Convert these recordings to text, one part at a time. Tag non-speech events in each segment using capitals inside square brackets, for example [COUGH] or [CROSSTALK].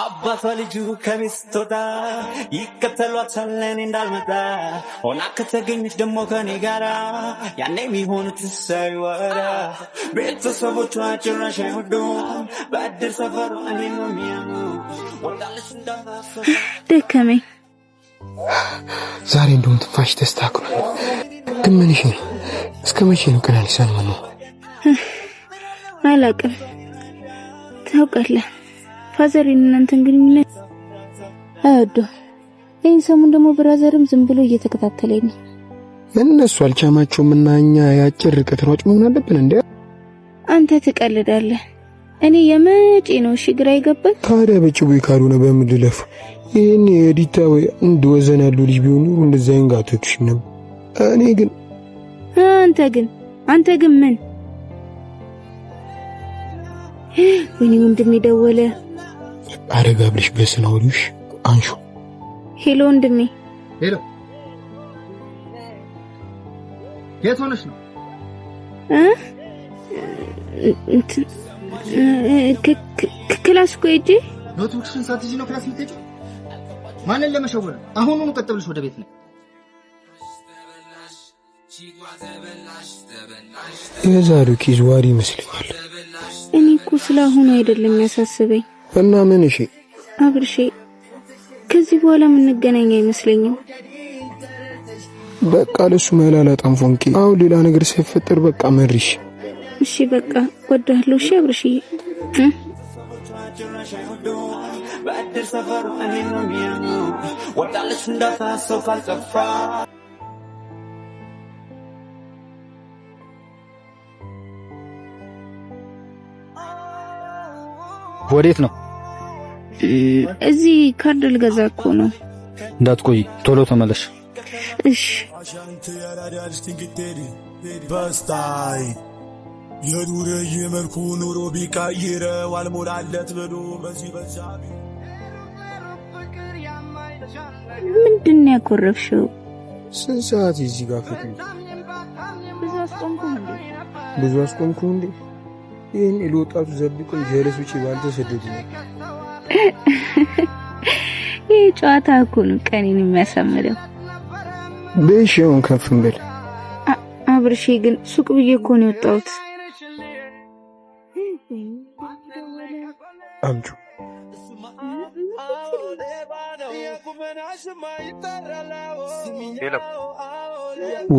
አባቷ ልጁ ከሚስቶታ ወጣ እንዳልመጣ ሆና ከተገኘች ደግሞ ከኔ ጋራ ያኔ የሚሆኑት ሳይወራ ቤተሰቦቿ ጭራሽ አይወዱም። በእድር ሰፈሩ እኔ ነው የሚያሙ ወዳለች እንዳፋፈ ደከመኝ። ዛሬ እንደውም ትንፋሽ ተስተካክሏል። ግን ምንሽ ነው? እስከ መቼ ነው ቀናሊሳን? ምነው አላቅም ታውቃለህ ፋዘር የእናንተን ግንኙነት አዶ ይህን ሰሙን ደግሞ ብራዘርም ዝም ብሎ እየተከታተለኝ ነው። እነሱ አልቻማቸውም እና እኛ የአጭር ርቀት ሯጭ መሆን አለብን እንዴ? አንተ ትቀልዳለህ። እኔ የመጪ ነው እሺ፣ ግራ ይገባል። ታዲያ በጭቡይ ካልሆነ በምልለፉ ይህን የዲታ ወይ እንድ ወዘን ያለው ልጅ ቢሆን ኑሮ ጋር አይንጋቶችሽም ነበር። እኔ ግን አንተ ግን አንተ ግን ምን ወይኔ ወንድሜ ደወለ። አረጋ ብለሽ በስነ ወዲሽ አንሹ። ሄሎ ወንድሜ። ሄሎ የት ሆነሽ ነው? ክላስ እኮ ሂጅ። ኖትቡክሽን ሳትይዥ ነው ክላስ የምትሄጂው? ማንን ለመሸወር? አሁኑኑ ቀጥ ብለሽ ወደ ቤት ነው። የዛሬው ኪዝ ዋሪ ይመስለኛል። እኔ እኮ ስለ አሁኑ አይደለም ያሳስበኝ እና ምን? እሺ አብርሺ፣ ከዚህ በኋላ የምንገናኝ አይመስለኝም። በቃ ለሱ መላላጣን ፎንቂ፣ አሁን ሌላ ነገር ሲፈጠር በቃ መሪሽ። እሺ በቃ ወዳለሁ። እሺ አብርሺ በአዲስ ሰፈር እኔ ነው የሚያምኑ ወዳለች እንዳታ ሰው ካልጠፋ ወዴት ነው? እዚህ ካርድ ልገዛ እኮ ነው። እንዳትቆይ፣ ቶሎ ተመለሽ። እሺ የዱር መልኩ ኑሮ ቢቀይረው አልሞላለት ብሎ በዚህ በዛ ምንድን ያኮረፍሽው? ስንት ሰዓት እዚህ ጋር ብዙ አስቆምኩ እንዴ? ብዙ አስቆምኩ እንዴ? ይህን ለወጣቱ ዘብቁን ጀለሶች ባንተ ሰደዱ። [LAUGHS] ይህ ጨዋታ እኮ ነው ቀኔን የሚያሳምረው። በሽውን ከፍ እንበል አብርሽ። ግን ሱቅ ብዬ እኮ ነው የወጣሁት። አምጩ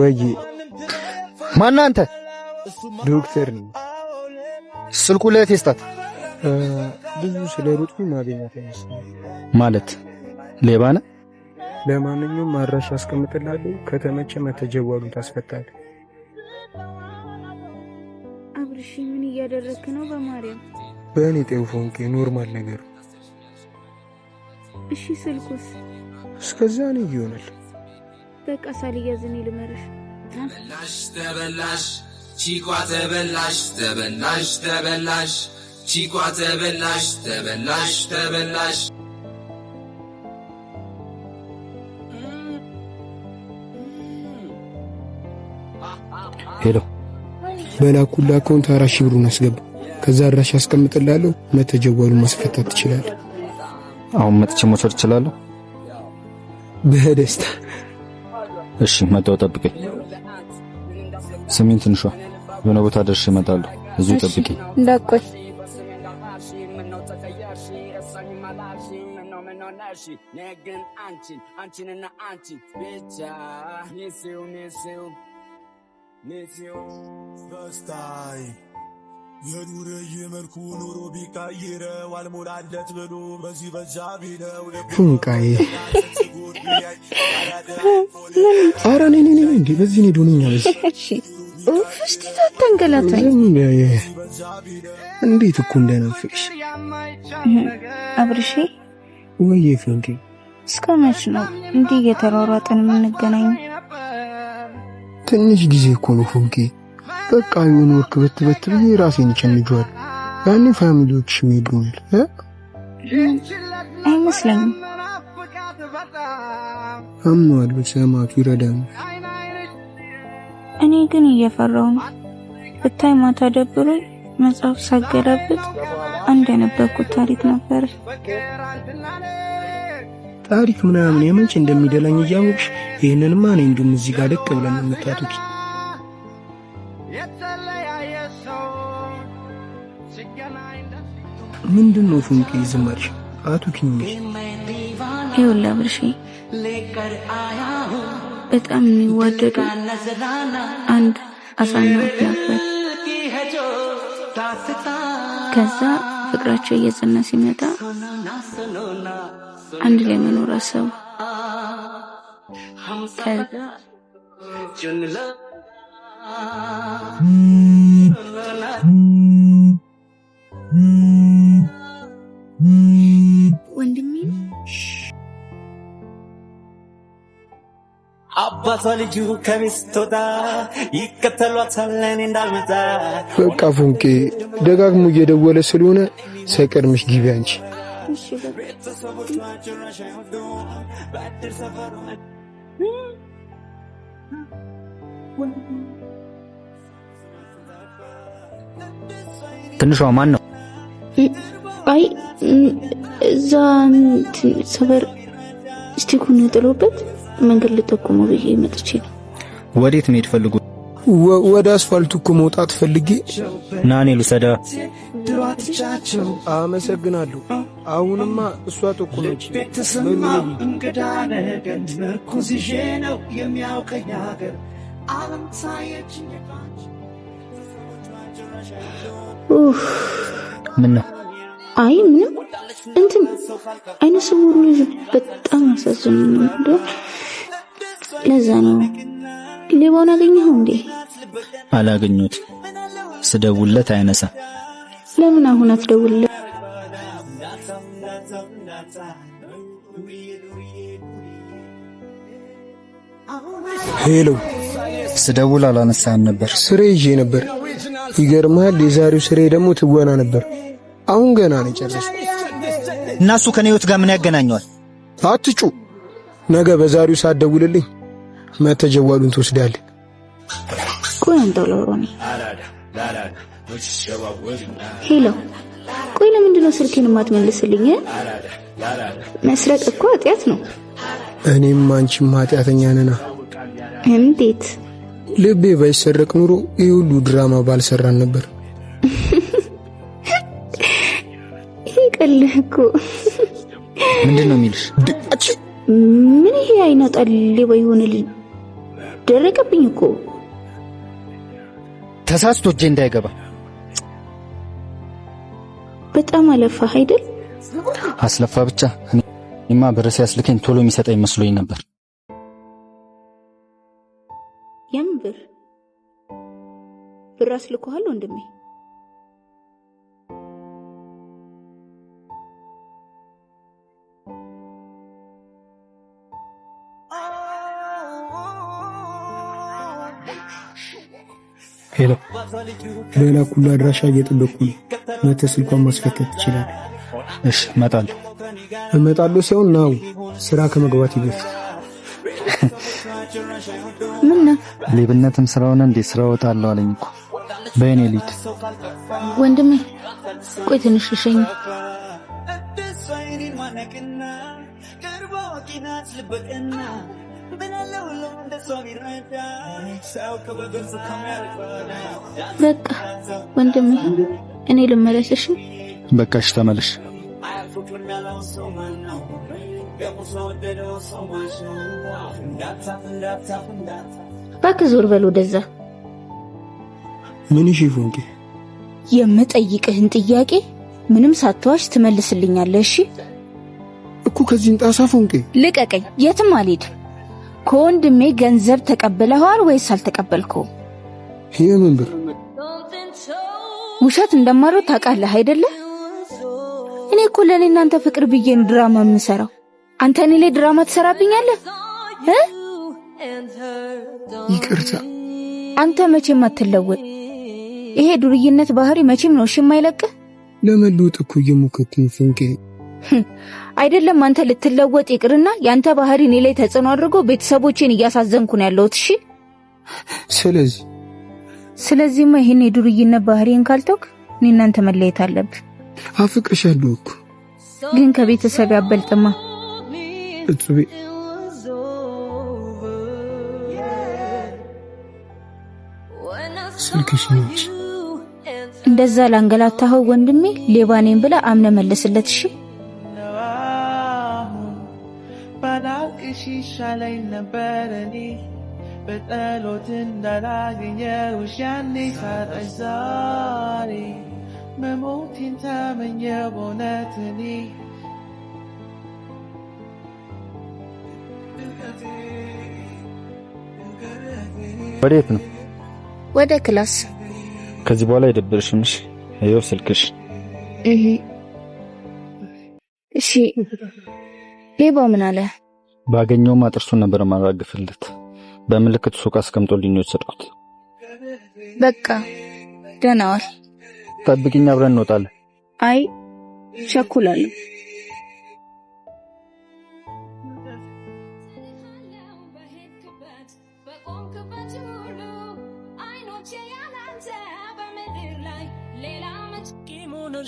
ወይ ማናንተ ዶክተር ነው ስልኩ ላይ ቴስታት ብዙ ስለሮጥኩኝ ማግኘት ማለት ሌባ ነህ። ለማንኛውም አድራሻ አስቀምጥላለሁ። ከተመቸ መተጀዋሉ ታስፈታል። አብርሽ ምን እያደረክ ነው? በማርያም በእኔ ጤው ኖርማል ነገር። እሺ ስልኩስ? እስከዛ ነው ይሆናል። በቃ ሳልያዝ እኔ ልመርሽ ተበላሽ ቺኳ ተበላሽ ተበላሽ ተበላሽ ቺኳ ተበላሽ ተበላሽ ተበላሽ ሄሎ በላኩላ አካውንት አራት ሺህ ብሩን አስገባ። ከዛ አድራሽ አስቀምጥላለሁ። መተጀወሉን ማስፈታት ትችላለህ። አሁን መጥቼ መውሰድ ትችላለሁ በደስታ እሺ፣ መጣሁ። ጠብቀኝ። ስሜን ትንሿ የሆነ ቦታ ደርሼ እመጣለሁ። እዚሁ ጠብቂ። እንዳቆይ ግን አንቺን መልኩ ኑሮ ቢቀይረው አልሞላለት ብሎ በዚህ በዛ ቢለው ፉንቃዬ [LAUGHS] አረ እንዴ በዚህ ኔ ዶንኛ በዚህ እስቲ ታተንገላታኝ። እንዴት እኮ እንደነፍሽ አብርሼ። ወይ ፍንኪ እስከ መች ነው እንዲህ እየተሯሯጥን የምንገናኝ? ትንሽ ጊዜ እኮ ነው ፍንኪ። በቃ የሆነ ወርክ ብትበት ብዬ ራሴን ጨንጀዋል። ያኔ ፋሚሊዎች ይሄዱኛል አይመስለኝም። አምነዋለሁ። ሰማቱ ይረዳኛል እኔ ግን እየፈራው ነው። ብታይ ማታ ደብሮኝ መጽሐፍ ሳገላብጥ አንድ ያነበብኩት ታሪክ ነበር። ታሪክ ምናምን የምንጭ እንደሚደላኝ እያወቅሽ ይህንንማ ማን እንዱም እዚህ ጋር ደቅ ብለን የምታቱት ምንድን ነው ፉንቄ ዝማርሽ አቱኪኝ ይውላ ብርሽ በጣም የሚወደዱ አንድ አሳናፊ ነበር። ከዛ ፍቅራቸው እየጸና ሲመጣ አንድ ላይ መኖር አሰቡ። ከዛ አባቷ ልጁ ከሚስት ወጣ ይከተሏታል። እንዳልመጣ በቃ ፎንቄ ደጋግሞ እየደወለ ስለሆነ ሳይቀድምሽ ግቢ አንቺ። ትንሿ ማን ነው? አይ እዛ ሰፈር ስቲኩን ጥሎበት መንገድ ልጠቁሙ ብዬ መጥቼ ነው። ወዴት መሄድ ፈልጉ? ወደ አስፋልቱ እኮ መውጣት ፈልጌ ናኔ እኔ ድሯትቻቸው አመሰግናለሁ። አሁንማ እሷ ጠቁመች። እንግዳ ነገር ምርኩዝ ይዤ ነው የሚያውቀኝ ሀገር አገር ምን ነው አይ ምንም እንትን አይነ ስውሩ ልጅ በጣም አሳዝኑ ለዛ ነው። ሌባውን አገኘኸው እንዴ? አላገኙት ስደውለት አይነሳ። ለምን አሁን አትደውልለት? ሄሎ፣ ስደውል አላነሳን ነበር። ስሬ ይዤ ነበር። ይገርማል የዛሬው ስሬ ደግሞ ትወና ነበር። አሁን ገና ነው የጨረስኩ። እና እሱ ከኔ ህይወት ጋር ምን ያገናኘዋል? አትጩ። ነገ በዛሬው ሰዓት ደውልልኝ፣ መተህ ጀዋሉን ቆይ ለሮኒ ሄሎ፣ ቆይ ለምንድነው ስልኬን የማትመልስልኝ? መስረቅ እኮ ኃጢአት ነው። እኔም አንቺም ኃጢአተኛ ነና። እንዴት ልቤ ባይሰረቅ ኑሮ ይህ ሁሉ ድራማ ባልሰራን ነበር። ጠላህ እኮ ምንድን ነው የሚልሽ? ምን ይሄ አይናጣል ሌባ ይሆንልኝ ደረቀብኝ እኮ ተሳስቶ እጄ እንዳይገባ በጣም አለፋ አይደል? አስለፋ ብቻ እኔማ ብር ሲያስልከኝ ቶሎ የሚሰጠኝ መስሎኝ ነበር። የምን ብር ብር አስልኮሃል ወንድሜ? ሄሎ፣ ኩሉ አድራሻ እየጠበቅኩ ነው። መተህ ስልኳን ማስፈተት ትችላለህ። እሺ፣ እመጣለሁ። እመጣለሁ ሲሆን ናው ስራ ከመግባት በፊት [LAUGHS] ምን ሌብነትም ስለሆነ እንዴ ስራ እወጣለሁ አለኝ እኮ። በእኔ ልጅ ወንድሜ፣ ቆይ ትንሽ ልሸኝ። በቃ ወንድም፣ እኔ ልመለስ። በቃ እሺ፣ ተመለሽ። እባክህ ዞር በል ወደዛ። ምን? ይሽ ፎንቄ፣ የምጠይቅህን ጥያቄ ምንም ሳትዋሽ ትመልስልኛለህ? እሺ እኮ ከዚህ እንጣሳ ፎንቄ፣ ልቀቀኝ፣ የትም አልሄድም። ከወንድሜ ገንዘብ ተቀብለኋል ወይስ አልተቀበልኩ? የምን ብር? ውሸት እንደማሮ ታውቃለህ አይደለ? እኔ እኮ ለእኔ እናንተ ፍቅር ብዬ ነው ድራማ የምንሰራው አንተ እኔ ላይ ድራማ ትሰራብኛለህ? ይቅርታ። አንተ መቼም አትለወጥ። ይሄ ዱርይነት ባህሪ መቼም ነው እሺ የማይለቅህ። ለመለወጥ እኮ እየሞከርኩኝ ፍንቄ [LAUGHS] አይደለም አንተ ልትለወጥ ይቅርና ያንተ ባህሪ እኔ ላይ ተጽዕኖ አድርጎ ቤተሰቦቼን እያሳዘንኩ ነው ያለሁት። እሺ ስለዚህ ስለዚህማ ይሄን የዱርዬነት ባህሪን ካልተውክ እኔ እናንተ መለየት አለብን። አፍቅርሻለሁ እኮ ግን ከቤተሰብ ያበልጥማ እጹቤ እንደዛ ላንገላታኸው ወንድሜ ሌባኔን ብለ አምነ መለስለት። እሺ ይሻለኝ ነበር እኔ በጸሎት እንዳላገኘሁሽ ያኔ ሳጣሽ ዛሬ መሞቴን ተመኘሁ በእውነት እኔ ወዴት ነው? ወደ ክላስ። ከዚህ በኋላ የደብርሽም እሺ? ይኸው ስልክሽ። እሺ ሌባው ምን አለ? ባገኘውም አጥርሱን ነበር ማራግፍለት። በምልክት ሱቅ አስቀምጦልኝ ወሰድኩት። በቃ ደህና ዋል። ጠብቂኝ፣ አብረን እንወጣለን። አይ ቸኩላለሁ።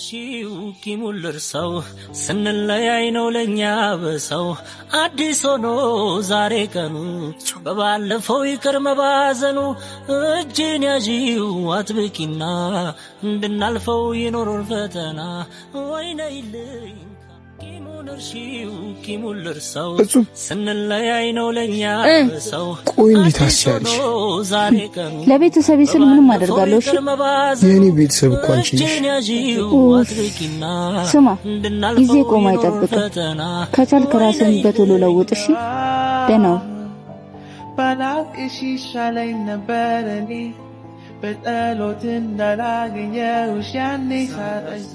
ሺው ኪሙልር ሰው ስንለያይ ነው ለእኛ በሰው አዲስ ሆኖ ዛሬ ቀኑ በባለፈው ይቅር መባዘኑ እጅን ያዢው አጥብቂና እንድናልፈው ይኖሩን ፈተና ወይነይልኝ ፍጹም ቆይ፣ እንዴት አስቻለሽ? ለቤተሰቤ ስል ምንም አደርጋለሁ። እሺ የእኔ ቤተሰብ እኮ አንቺ ነሽ። ስማ፣ ጊዜ ቆሞ አይጠብቅም። ከቻልክ ራስን በቶሎ ለውጥ። እሺ ባላቅሽ ይሻለኝ ነበር እኔ በጸሎት እንዳላገኘሁሽ ያኔ ሳጠዛ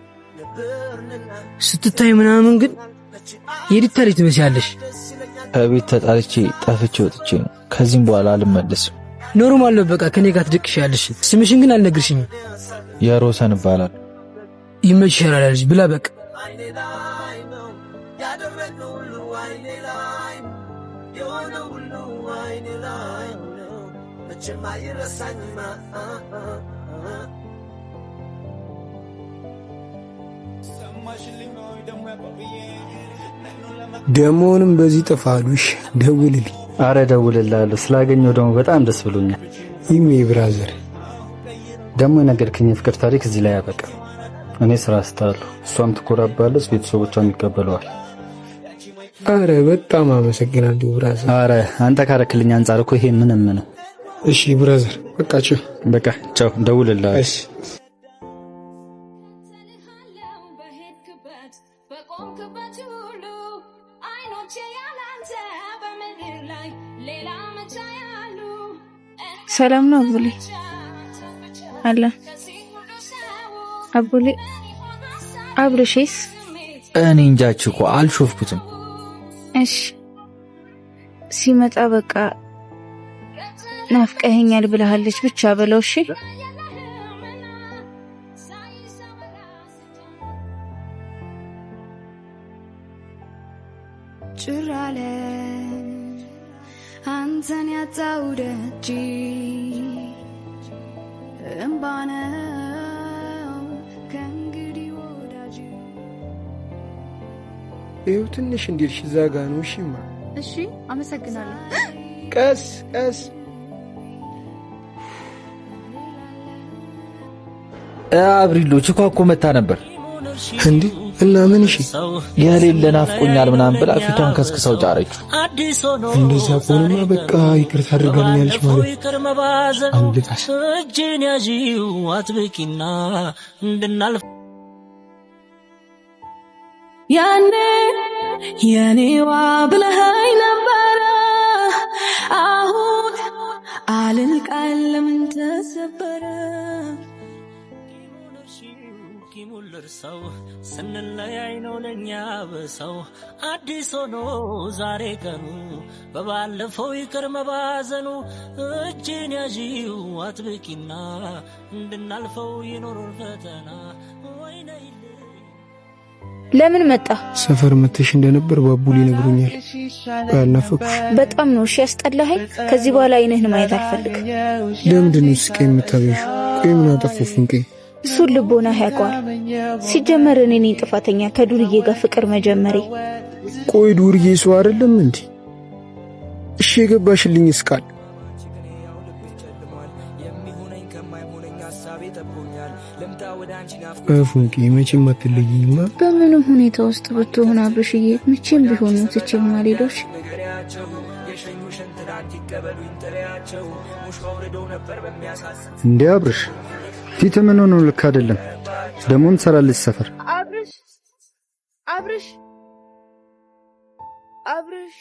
ስትታይ ምናምን ግን የዲታ ልጅ ትመስያለሽ። ከቤት ተጣልቼ ጠፍቼ ወጥቼ ነው። ከዚህም በኋላ አልመለስም። ኖርማል ነው። በቃ ከኔ ጋር ትደቅሻለሽ። ስምሽን ግን አልነግርሽኝ። የሮሰን ይባላል። ይመችሻል አላለሽ ብላ በቃ ደሞንም በዚህ ጥፋሉሽ ደውልልኝ። አረ ደውልላለሁ። ስላገኘው ደግሞ በጣም ደስ ብሎኛል። ይሜ ብራዘር ደግሞ የነገርክኝ የፍቅር ታሪክ እዚህ ላይ ያበቃ። እኔ ስራ ስታለሁ፣ እሷም ትኮራባለች፣ ቤተሰቦቿም ይቀበለዋል። አረ በጣም አመሰግናለሁ ብራዘር። አረ አንተ ካረክልኝ አንጻር እኮ ይሄ ምንም ነው። እሺ ብራዘር፣ በቃ ቻው። በቃ ቻው፣ ደውልላለሁ። ሰላም ነው አቡሌ? አለ አቡሌ። አብርሽስ? እኔ እንጃች እኮ አልሾፍኩትም። እሺ ሲመጣ በቃ ናፍቀኸኛል ብለሃለች ብቻ በለው እሺ። አንተን ያጣው ደጅ እምባነው ከእንግዲህ ወዳጅ ይኸው ትንሽ እንዲልሽ ሽዛጋ ነው። እሺማ፣ እሺ፣ አመሰግናለሁ። ቀስ ቀስ አብሪሎ ችኳኮ መታ ነበር እንዲህ እና ምን እሺ የሌለ ናፍቆኛል ምናምን ብላ ፊቷን ከስክሰው ጫረች። እንደዚያ ከሆነማ በቃ ይቅርታ አድርጋኛለች ማለት አንድታሽ እጅን ያዢው አትብቂና እንድናልፍ ያኔ የኔዋ ብለኸኝ ነበረ አሁን አልልቃለም ተሰበረ ሐኪሙን ልርሰው ስንለያይ ነው ለእኛ በሰው አዲስ ሆኖ ዛሬ ቀኑ በባለፈው ይቅር መባዘኑ እጄን ያዢው አጥብቂና እንድናልፈው የኖሩን ፈተና ለምን መጣ? ሰፈር መተሽ እንደነበር ባቡል ይነግሩኛል። ባልናፈኩሽ በጣም ነው እሺ። ያስጠላኸኝ። ከዚህ በኋላ አይንህን ማየት አልፈልግም። ለምንድን ነው ስቄ የምታበሽ? ቆይ ምን አጠፋሁ? ፍንቄ እሱን ልቦና ያውቀዋል። ሲጀመር እኔ ነኝ ጥፋተኛ ከዱርዬ ጋር ፍቅር መጀመሬ። ቆይ ዱርዬ ሰው አይደለም እንዴ? እሺ የገባሽልኝ እስቃል ፉንቂ መቼም አትለይኝማ። በምንም ሁኔታ ውስጥ ብትሆን አብርሽዬ፣ መቼም ቢሆኑ ትችማ ሌሎች እንዲህ አብርሽ ፊት ምን ሆኖ ልክ አይደለም። ደሞም ሰራለች ሰፈር አብርሽ አብርሽ አብርሽ